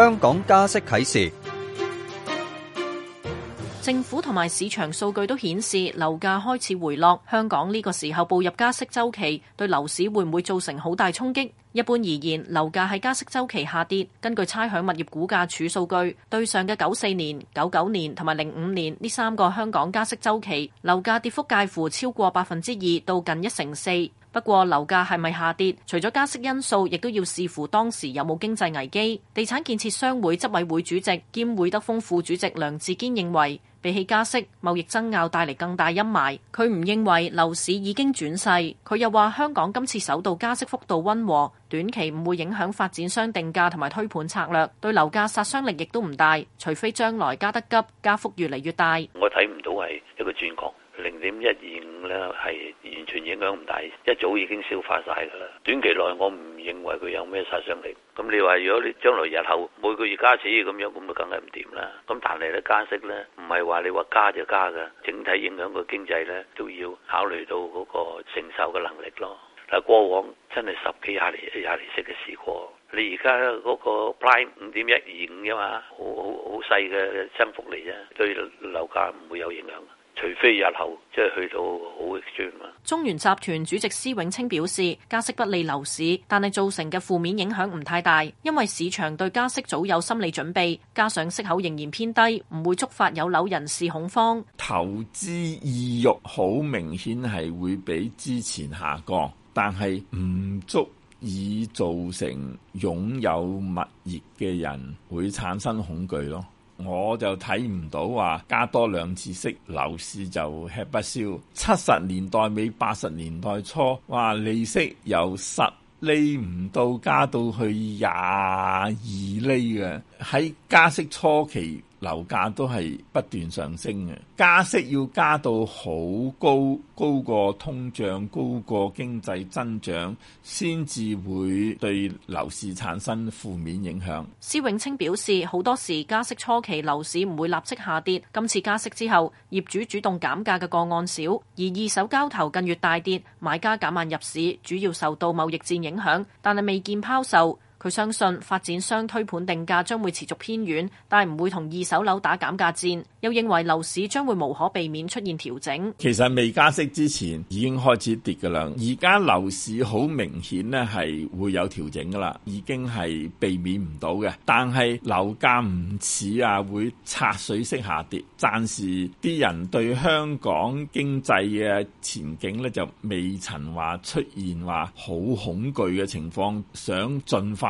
香港加息啟示，政府同埋市場數據都顯示樓價開始回落。香港呢個時候步入加息周期，對樓市會唔會造成好大衝擊？一般而言，樓價喺加息周期下跌。根據差餉物業估價署數據，對上嘅九四年、九九年同埋零五年呢三個香港加息周期，樓價跌幅介乎超過百分之二到近一成四。不過樓價係咪下跌，除咗加息因素，亦都要視乎當時有冇經濟危機。地產建設商會執委會主席兼會德豐副主席梁志堅認為，比起加息，貿易爭拗帶嚟更大陰霾。佢唔認為樓市已經轉勢。佢又話香港今次首度加息幅度溫和，短期唔會影響發展商定價同埋推盤策略，對樓價殺傷力亦都唔大。除非將來加得急，加幅越嚟越大。我睇唔到係一個轉角。零點一二五咧，係完全影響唔大，一早已經消化晒噶啦。短期內我唔認為佢有咩殺傷力。咁你話如果你將來日後每個月加錢咁樣，咁就梗係唔掂啦。咁但係咧加息咧，唔係話你話加就加噶，整體影響個經濟咧都要考慮到嗰個承受嘅能力咯。嗱，過往真係十幾廿年，廿年息嘅事過，你而家嗰個 prime 五點一二五噶嘛，好好好細嘅增幅嚟啫，對樓價唔會有影響。除非日後即係去到好極端。中原集團主席施永青表示，加息不利樓市，但係造成嘅負面影響唔太大，因為市場對加息早有心理準備，加上息口仍然偏低，唔會觸發有樓人士恐慌。投資意欲好明顯係會比之前下降，但係唔足以造成擁有物業嘅人會產生恐懼咯。我就睇唔到話加多兩次息，樓市就吃不消。七十年代尾八十年代初，哇！利息由十厘唔到加到去廿二厘嘅。喺加息初期，樓價都係不斷上升嘅，加息要加到好高，高過通脹，高過經濟增長，先至會對樓市產生負面影響。施永青表示，好多時加息初期樓市唔會立即下跌，今次加息之後，業主主動減價嘅個案少，而二手交投近月大跌，買家減慢入市，主要受到貿易戰影響，但係未見拋售。佢相信發展商推盤定價將會持續偏軟，但係唔會同二手樓打減價戰，又認為樓市將會無可避免出現調整。其實未加息之前已經開始跌㗎啦，而家樓市好明顯咧係會有調整噶啦，已經係避免唔到嘅。但係樓價唔似啊會插水式下跌，暫時啲人對香港經濟嘅前景咧就未曾話出現話好恐懼嘅情況想盡快。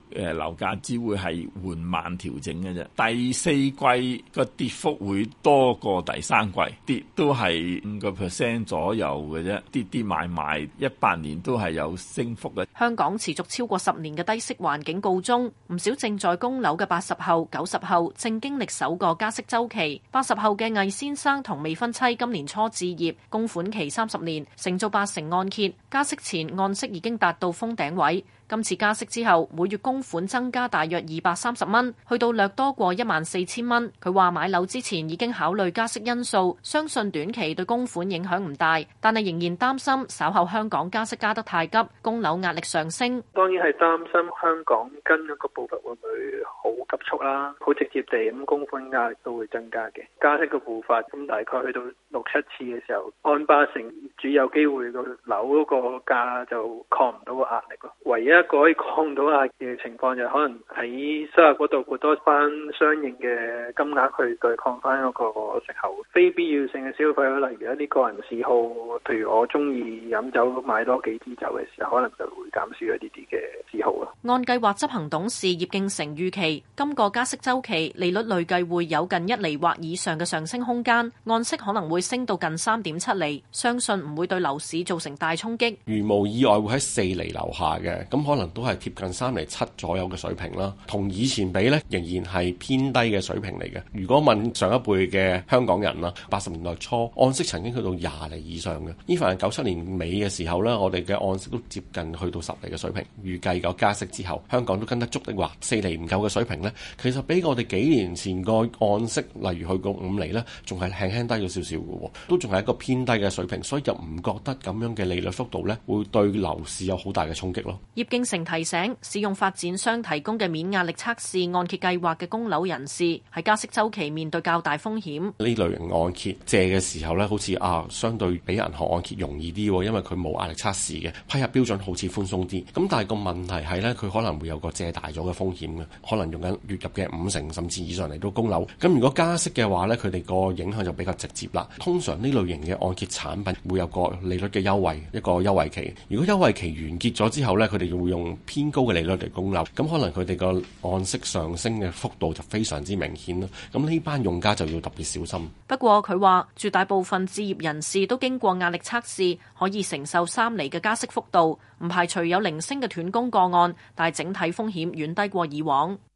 誒樓價只會係緩慢調整嘅啫，第四季個跌幅會多過第三季，跌都係五個 percent 左右嘅啫，跌跌埋埋，一八年都係有升幅嘅。香港持續超過十年嘅低息環境告終，唔少正在供樓嘅八十後、九十後正經歷首個加息週期。八十後嘅魏先生同未婚妻今年初置業，供款期三十年，承做八成按揭，加息前按息已經達到封頂位，今次加息之後，每月供款增加大約二百三十蚊，去到略多過一萬四千蚊。佢話買樓之前已經考慮加息因素，相信短期對供款影響唔大，但係仍然擔心稍後香港加息加得太急，供樓壓力上升。當然係擔心香港跟一個步伐會唔會好。急促啦，好直接地咁供款壓力都會增加嘅。加息嘅步伐咁大概去到六七次嘅時候，按八成主有機會個樓嗰個價就抗唔到個壓力咯。唯一一個可以抗到壓嘅情況，就可能喺收入嗰度撥多翻相應嘅金額去對抗翻嗰個息口。非必要性嘅消費，例如一啲個人嗜好，譬如我中意飲酒買多幾支酒嘅時候，可能就會減少一啲啲嘅嗜好咯。按計劃執行董事葉敬成預期。今個加息周期，利率累計會有近一厘或以上嘅上升空間，按息可能會升到近三點七厘，相信唔會對樓市造成大衝擊。如無意外會，會喺四厘樓下嘅，咁可能都係貼近三厘七左右嘅水平啦。同以前比呢仍然係偏低嘅水平嚟嘅。如果問上一輩嘅香港人啦，八十年代初按息曾經去到廿厘以上嘅 even 係九七年尾嘅時候呢，我哋嘅按息都接近去到十厘嘅水平。預計有加息之後，香港都跟得足嘅話，四厘唔夠嘅水平咧。其實比我哋幾年前個按息，例如去個五厘咧，仲係輕輕低咗少少嘅喎，都仲係一個偏低嘅水平，所以就唔覺得咁樣嘅利率幅度咧，會對樓市有好大嘅衝擊咯。葉敬誠提醒，使用發展商提供嘅免壓力測試按揭計劃嘅供樓人士，喺加息周期面對較大風險。呢類型按揭借嘅時候咧，好似啊，相對比銀行按揭容易啲，因為佢冇壓力測試嘅，批核標準好似寬鬆啲。咁但係個問題係咧，佢可能會有個借大咗嘅風險嘅，可能用緊。月入嘅五成甚至以上嚟到供樓，咁如果加息嘅話咧，佢哋個影響就比較直接啦。通常呢類型嘅按揭產品會有個利率嘅優惠，一個優惠期。如果優惠期完結咗之後咧，佢哋會用偏高嘅利率嚟供樓，咁可能佢哋個按息上升嘅幅度就非常之明顯啦。咁呢班用家就要特別小心。不過佢話絕大部分置業人士都經過壓力測試，可以承受三厘嘅加息幅度，唔排除有零星嘅斷供個案，但係整體風險遠低過以往。